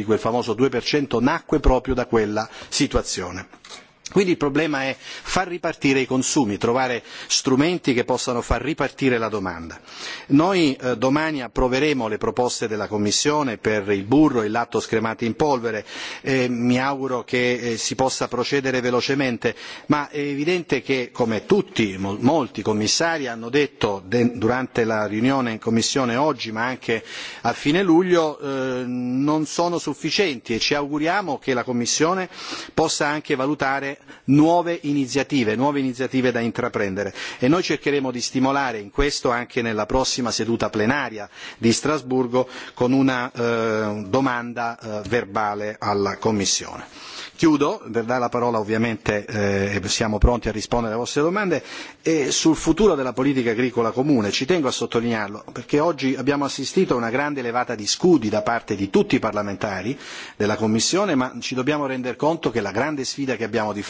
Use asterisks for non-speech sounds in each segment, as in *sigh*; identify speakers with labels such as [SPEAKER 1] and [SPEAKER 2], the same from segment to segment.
[SPEAKER 1] di quel famoso due nacque proprio da quella situazione quindi il problema è far ripartire i consumi trovare strumenti che possano far ripartire la domanda. noi eh, domani approveremo le proposte della commissione per il burro e il latte scremato in polvere e mi auguro che eh, si possa procedere velocemente ma è evidente che come tutti molti commissari hanno detto durante la riunione in commissione oggi ma anche a fine luglio eh, non sono sufficienti e ci auguriamo che la commissione possa anche valutare nuove iniziative, nuove iniziative da intraprendere. E noi cercheremo di stimolare in questo anche nella prossima seduta plenaria di Strasburgo con una eh, domanda eh, verbale alla Commissione. Chiudo, per dare la parola ovviamente eh, e siamo pronti a rispondere alle vostre domande, e sul futuro della politica agricola comune. Ci tengo a sottolinearlo perché oggi abbiamo assistito a una grande levata di scudi da parte di tutti i parlamentari della Commissione, ma ci dobbiamo rendere conto che la grande sfida che abbiamo di fronte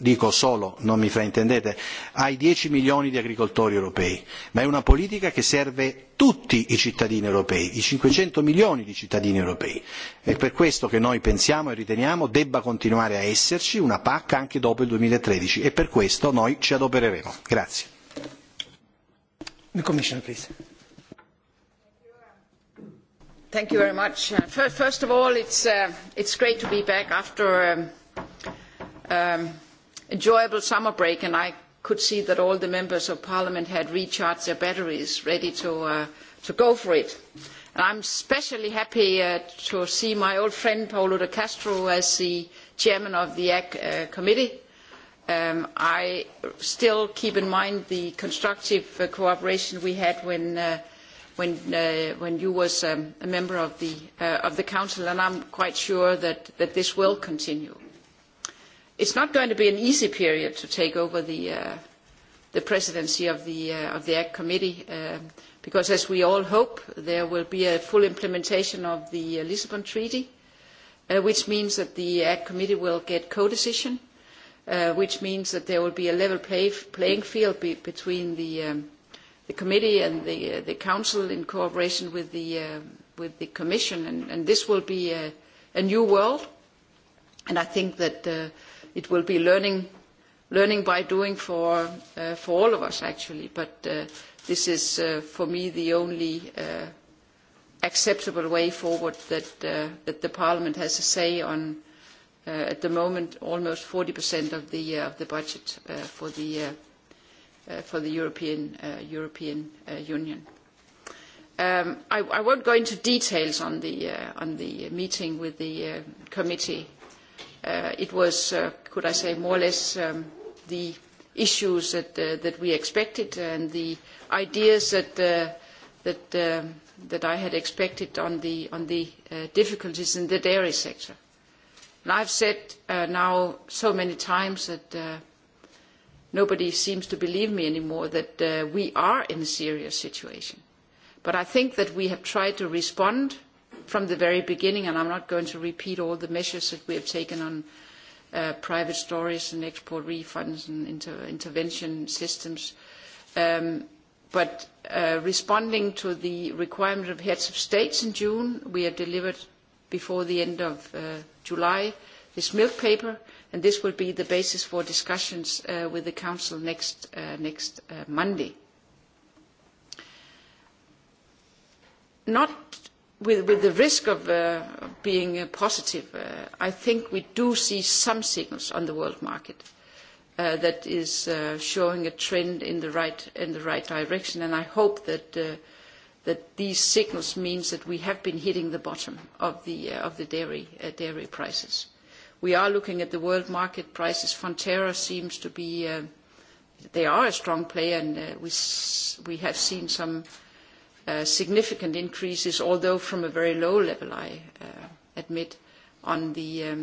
[SPEAKER 1] dico solo non mi fraintendete ai dieci milioni di agricoltori europei ma è una politica che serve tutti i cittadini europei i cinquecento milioni di cittadini europei è per questo che noi pensiamo e riteniamo debba continuare a esserci una pac anche dopo il duemilatredici e per questo noi ci adopereremo grazie Thank
[SPEAKER 2] you very much. First of all, it's, uh, it's great to be back after um, um, enjoyable summer break, and I could see that all the members of parliament had recharged their batteries, ready to, uh, to go for it. And I'm especially happy uh, to see my old friend Paulo de Castro as the chairman of the Ag uh, Committee. Um, I still keep in mind the constructive uh, cooperation we had when, uh, when, uh, when you was um, a member of the, uh, of the Council, and I'm quite sure that, that this will continue it's not going to be an easy period to take over the uh, the presidency of the uh, of the act committee uh, because as we all hope there will be a full implementation of the uh, lisbon treaty uh, which means that the act committee will get co-decision uh, which means that there will be a level play f- playing field be- between the um, the committee and the uh, the council in cooperation with the uh, with the commission and, and this will be a, a new world and i think that uh, it will be learning, learning by doing for, uh, for all of us, actually. But uh, this is, uh, for me, the only uh, acceptable way forward that, uh, that the Parliament has a say on, uh, at the moment, almost 40% of the, uh, of the budget uh, for, the, uh, uh, for the European, uh, European uh, Union. Um, I, I won't go into details on the, uh, on the meeting with the uh, committee. Uh, it was uh, could i say more or less um, the issues that uh, that we expected and the ideas that uh, that uh, that i had expected on the on the uh, difficulties in the dairy sector and i've said uh, now so many times that uh, nobody seems to believe me anymore that uh, we are in a serious situation but i think that we have tried to respond uh, from the very beginning, and I'm not going to repeat all the measures that we have taken on uh, private storage and export refunds and intervention systems. Um, uh, responding to the requirement of heads of states in June, we have delivered before the end of uh, July this milk paper, and this will be the basis for discussions with the council next Monday. Not with, with the risk of uh, being uh, positive, uh, I think we do see some signals on the world market uh, that is uh, showing a trend in the right, in the right direction, and I hope that, uh, that these signals means that we have been hitting the bottom of the, uh, of the dairy, uh, dairy prices. We are looking at the world market prices. Fonterra seems to be uh, – they are a strong player, and uh, we, s- we have seen some Uh, significant increases, although from a very low level, I uh, admit, um,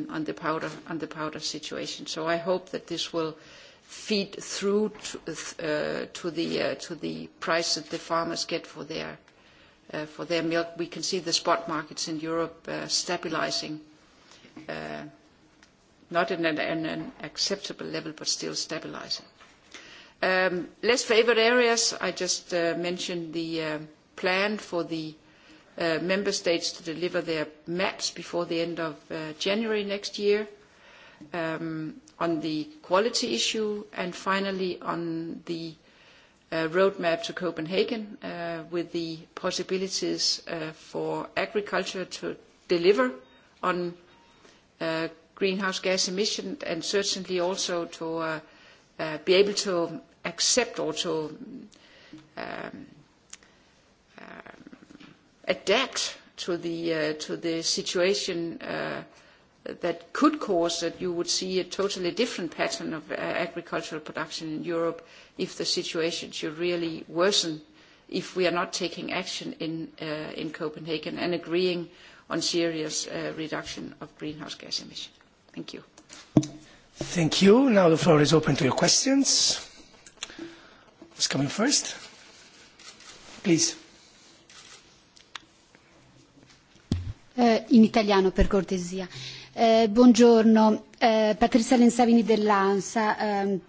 [SPEAKER 2] on the powder situation. So I hope that this will feed through to uh, the price that the farmers get for their milk. We can see the spot markets in Europe stabilizing, not at an acceptable level, but still stabilizing. Um, less favored areas, I just mentioned planned for the uh, member states to deliver their maps before the end of uh, January next year um, on the quality issue and finally on the uh, roadmap to Copenhagen uh, with the possibilities uh, for agriculture to deliver on uh, greenhouse gas emission and certainly also to uh, uh, be able to accept or to um, adapt to the uh, to the situation uh, that could cause that you would see a totally different pattern of uh, agricultural production in Europe if the situation should really worsen if we are not taking action in uh, in Copenhagen and agreeing on serious uh, reduction of greenhouse gas emissions. Thank you.
[SPEAKER 3] Thank you. Now the floor is open to your questions. Who's coming first? Please.
[SPEAKER 4] Eh, in italiano per cortesia. Eh, buongiorno, eh, Patrizia Lensavini dell'ANSA. Eh,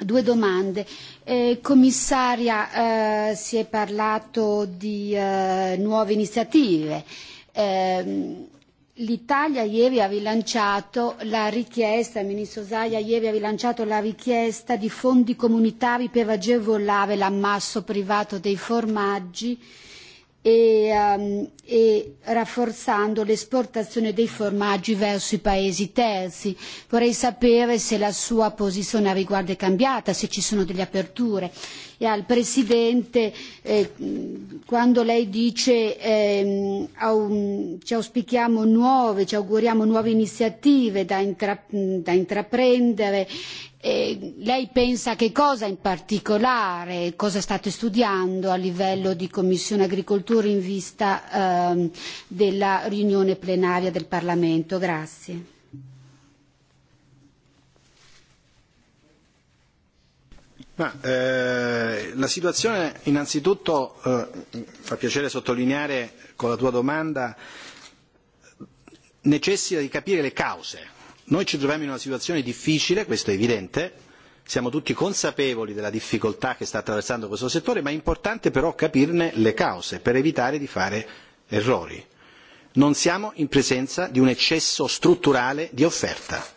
[SPEAKER 4] Due domande. Eh, commissaria, eh, si è parlato di eh, nuove iniziative. Eh, L'Italia ieri ha rilanciato la richiesta, il ministro Zaia ieri ha rilanciato la richiesta di fondi comunitari per agevolare l'ammasso privato dei formaggi eh, e, um, e rafforzando l'esportazione dei formaggi verso i paesi terzi. Vorrei sapere se la sua posizione a riguardo è cambiata, se ci sono delle aperture e al Presidente eh, quando lei dice eh, un, ci auspichiamo nuove, ci auguriamo nuove iniziative da, intra, da intraprendere, eh, lei pensa che cosa in particolare, cosa state studiando a livello di Commissione Agricoltura in vista eh, della riunione plenaria del Parlamento? Grazie.
[SPEAKER 1] Ma, eh, la situazione innanzitutto eh, fa piacere sottolineare con la tua domanda necessita di capire le cause. Noi ci troviamo in una situazione difficile, questo è evidente, siamo tutti consapevoli della difficoltà che sta attraversando questo settore, ma è importante però capirne le cause per evitare di fare errori. Non siamo in presenza di un eccesso strutturale di offerta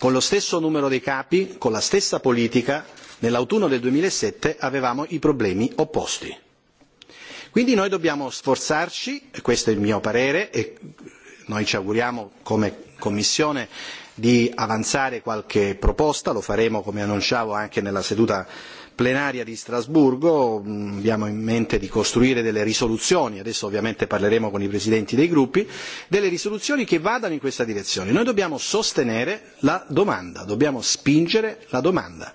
[SPEAKER 1] con lo stesso numero di capi con la stessa politica nell'autunno del duemilasette avevamo i problemi opposti. Quindi noi dobbiamo sforzarci e questo è il mio parere e noi ci auguriamo come Commissione di avanzare qualche proposta lo faremo come annunciavo anche nella seduta plenaria di Strasburgo, mm, abbiamo in mente di costruire delle risoluzioni, adesso ovviamente parleremo con i presidenti dei gruppi, delle risoluzioni che vadano in questa direzione. Noi dobbiamo sostenere la domanda, dobbiamo spingere la domanda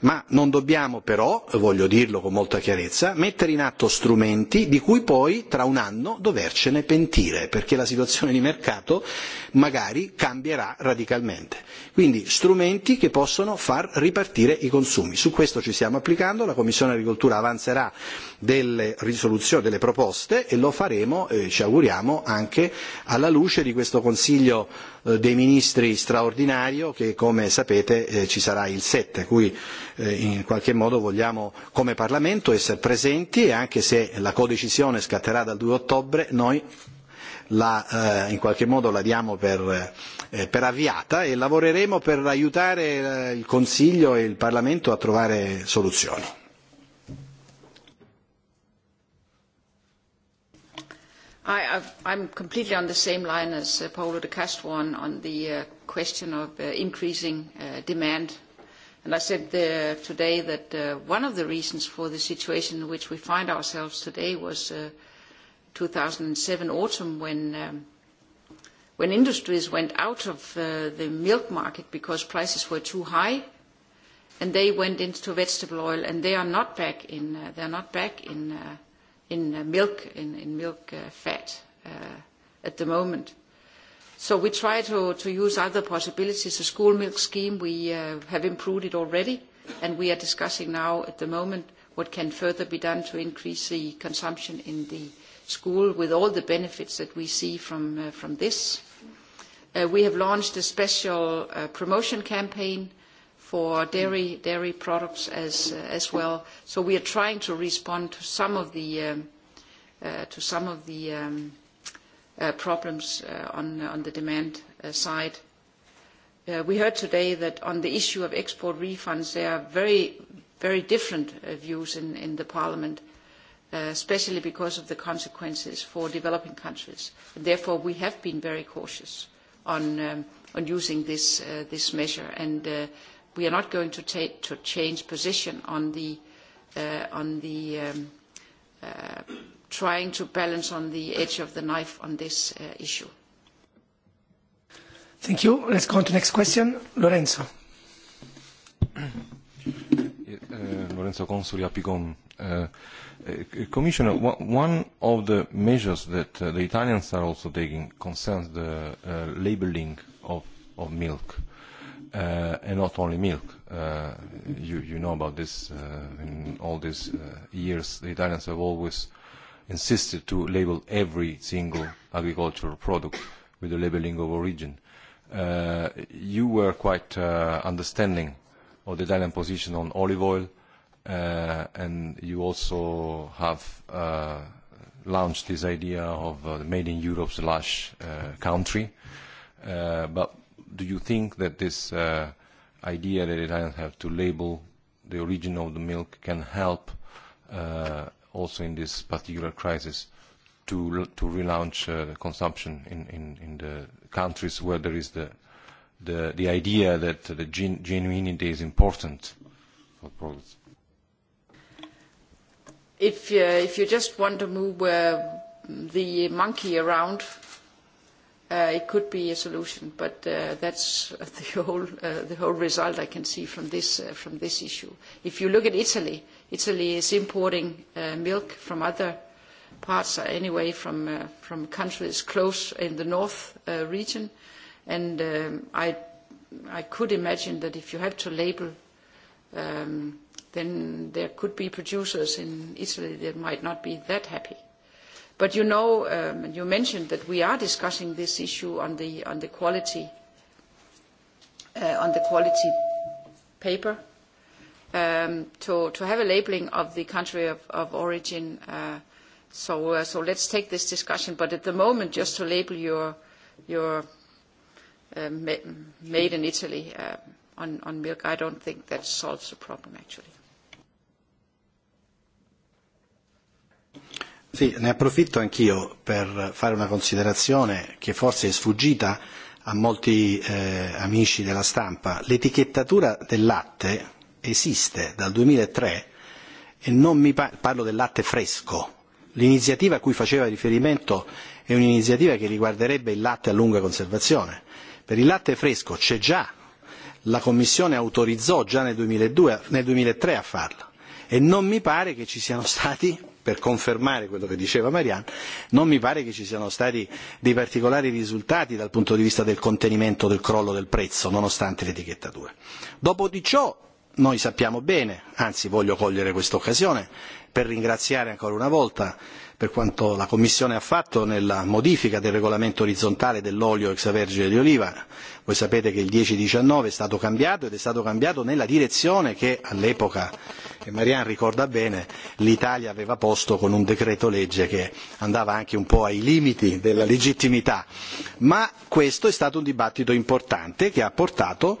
[SPEAKER 1] ma non dobbiamo però voglio dirlo con molta chiarezza mettere in atto strumenti di cui poi tra un anno dovercene pentire perché la situazione di mercato magari cambierà radicalmente. Quindi strumenti che possono far ripartire i consumi. Su questo ci stiamo applicando, la Commissione Agricoltura avanzerà delle risoluzioni, delle proposte e lo faremo, eh, ci auguriamo, anche alla luce di questo Consiglio Eh, dei ministri straordinario che come sapete eh, ci sarà il 7, cui eh, in qualche modo vogliamo come Parlamento essere presenti e anche se la codecisione scatterà dal 2 ottobre noi la, eh, in qualche modo la diamo per, eh, per avviata e lavoreremo per aiutare eh, il Consiglio e il Parlamento a trovare soluzioni.
[SPEAKER 2] I've, I'm completely on the same line as uh, Paolo de Castro on, on the uh, question of uh, increasing uh, demand. And I said the, today that uh, one of the reasons for the situation in which we find ourselves today was uh, 2007 autumn when, um, when industries went out of uh, the milk market because prices were too high and they went into vegetable oil and they are not back in, uh, they are not back in uh, in uh, milk in, in milk uh, fat uh, at the moment. So we try to, to use other possibilities. The school milk scheme, we uh, have improved it already, and we are discussing now at the moment what can further be done to increase the consumption in the school with all the benefits that we see from, uh, from this. Uh, we have launched a special uh, promotion campaign uh, for dairy products as uh, well. We are trying to respond to some of the um, uh, um, uh, problems on the demand side. We heard today that on the issue of export refunds, there are very different views in the parliament, especially because of the consequences for developing countries. Therefore, we have been very cautious on um, using this measure we are not going to change position on the uh, um, uh, trying to balance on the edge of the knife on this uh, issue.
[SPEAKER 3] Thank you. Let's go on to next question. Lorenzo. Lorenzo Consoli, Apicom. Commissioner, one of the measures that the Italians are also taking concerns the labeling of milk uh, and not only milk. Uh, you, you know about this uh, in all these uh, years. The Italians have always insisted to label every single agricultural product with the labeling of origin. Uh, you were quite uh, understanding of the Italian position on olive oil, uh, and you also have uh, launched this idea of uh, the made in Europe slash uh, country. Uh, but do you think that this uh, idea that it doesn't have to label the origin of the milk can help uh, also in this particular crisis to re to relaunch uh, the consumption in, in in the countries where there is the the the idea that the gen genuinity is important for products.
[SPEAKER 2] If uh, if you just want to move uh, the monkey around uh, it could be a solution, but uh, that's uh, *laughs* the whole, uh, the whole result I can see from this, uh, from this issue. If you look at Italy, Italy is importing uh, milk from other parts uh, anyway from, uh, from countries close in the north uh, region. And um, I, I could imagine that if you had to label, um, then there could be producers in Italy that might not be that happy you know um, and you mentioned that we are discussing this issue on the on the quality uh, on the quality paper um, to to have a labeling of the country of, of origin uh, so uh, so let's take this discussion but at the moment just to label your your uh, ma- made in Italy uh, on on milk I don't think that solves the problem actually
[SPEAKER 1] Sì, ne approfitto anch'io per fare una considerazione che forse è sfuggita a molti eh, amici della stampa. L'etichettatura del latte esiste dal 2003 e non mi pa- parlo del latte fresco. L'iniziativa a cui faceva riferimento è un'iniziativa che riguarderebbe il latte a lunga conservazione. Per il latte fresco c'è già, la Commissione autorizzò già nel, 2002, nel 2003 a farlo e non mi pare che ci siano stati per confermare quello che diceva Marianne, non mi pare che ci siano stati dei particolari risultati dal punto di vista del contenimento del crollo del prezzo, nonostante l'etichettatura. Dopo di ciò, noi sappiamo bene, anzi voglio cogliere questa occasione per ringraziare ancora una volta per quanto la commissione ha fatto nella modifica del regolamento orizzontale dell'olio extravergine di oliva voi sapete che il 10-19 è stato cambiato ed è stato cambiato nella direzione che all'epoca che Marianne ricorda bene l'Italia aveva posto con un decreto legge che andava anche un po' ai limiti della legittimità ma questo è stato un dibattito importante che ha portato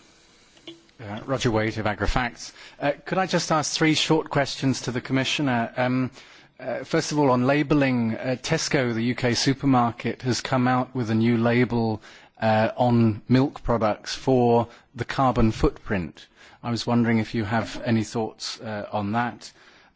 [SPEAKER 1] Uh, Roger Wade of Agrifacts. Uh, could I just ask three short questions to the commissioner? Um, uh, first of all, on labeling, Tesco, the U.K. supermarket, has come out with a new label on milk products for the carbon footprint. I was wondering if you have any thoughts on that.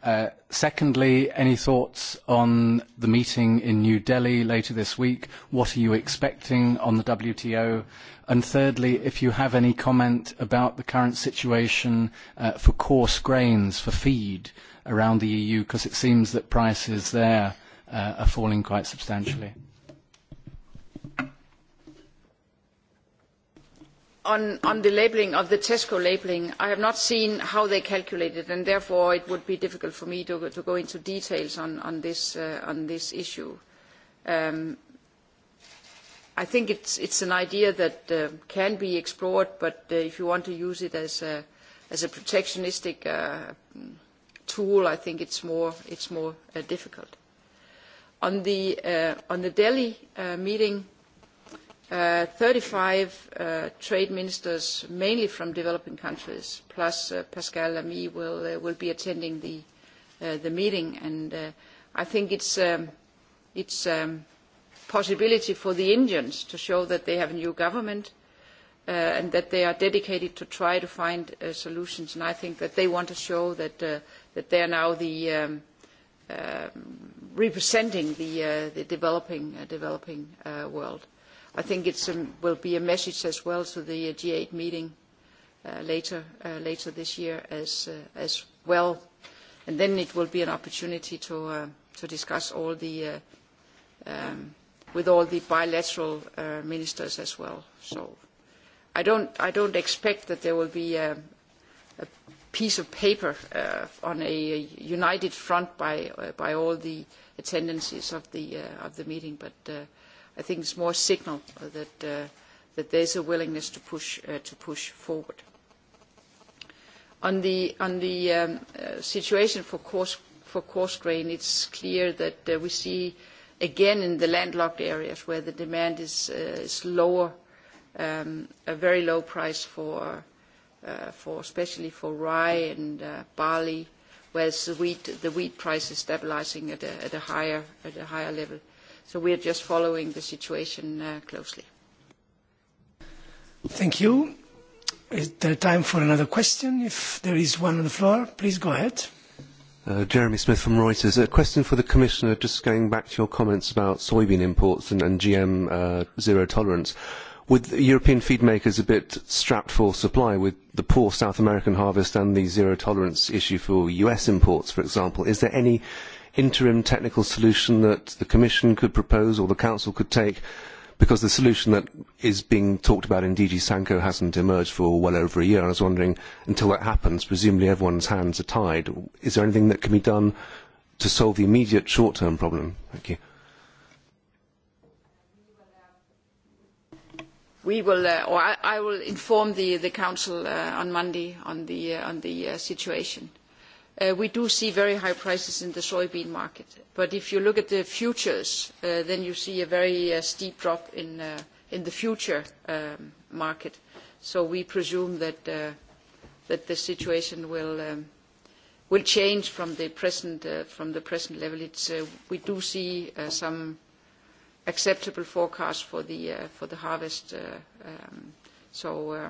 [SPEAKER 1] Uh, secondly, any thoughts on the meeting in New Delhi later this week? What are you expecting on the WTO? And thirdly, if you have any comment about the current situation uh, for coarse grains, for feed around the EU, because it seems that prices there uh, are falling quite substantially.
[SPEAKER 2] on the labeling of the Tesco labeling, I have not seen how they calculate it, and therefore it would be difficult for me to go into details on uh, this issue. Um, I think it's an idea that uh, can be explored, but uh, if you want to use it as a protectionistic tool, I think it's more difficult. On the Delhi meeting, Uh, thirty five uh, trade ministers, mainly from developing countries, plus uh, Pascal Lamy will uh, will be attending the uh, the meeting. And uh, I think it's um, it's um, possibility for the Indians to show that they have a new government uh, and that they are dedicated to try to find uh, solutions. And I think that they want to show that uh, that they are now the um, um, representing the, uh, the developing uh, developing uh, world. I think it um, will be a message as well to the uh, G8 meeting uh, later uh, later this year as uh, as well, and then it will be an opportunity to uh, to discuss all the uh, um, with all the bilateral uh, ministers as well. So I don't I don't expect that there will be a, uh, a piece of paper uh, on a, a united front by uh, by all the attendances of the uh, of the meeting, but. Uh, I think it's more a signal that, uh, that there's a willingness to push, uh, to push forward. On the, on the um, uh, situation for coarse, for coarse grain, it's clear that uh, we see, again, in the landlocked areas where the demand is, uh, is lower, um, a very low price for, uh, for especially for rye and uh, barley, whereas the wheat, the wheat price is stabilizing at a, at a, higher, at a higher level. Uh, We are just following the situation uh, closely.
[SPEAKER 3] Thank you. Is there time for another question? If there is one on the floor, please go ahead. Uh, Jeremy Smith from Reuters. A question for the commissioner, just going back to your comments about soybean imports and GM uh, zero tolerance. With European feed makers a bit strapped for supply with the poor South American harvest and the zero tolerance issue for U.S. imports, for example, is there any interim technical solution that the Commission could propose or the Council could take? Because the solution that is being talked about in DG Sanko hasn't emerged for well over a year. I was wondering, until that happens, presumably everyone's hands are tied. Is there anything that can be done to solve the immediate short term problem? Thank you.
[SPEAKER 2] We will, uh, or I, I will inform the, the Council uh, on Monday on the, uh, on the uh, situation. Uh, we do see very high prices in the soybean market but if you look at the futures uh, then you see a very uh, steep drop in uh, in the future um, market so we presume that uh, that the situation will um, will change from the present uh, from the present level it's uh, we do see uh, some acceptable forecast for the uh, for the harvest uh, um, so uh,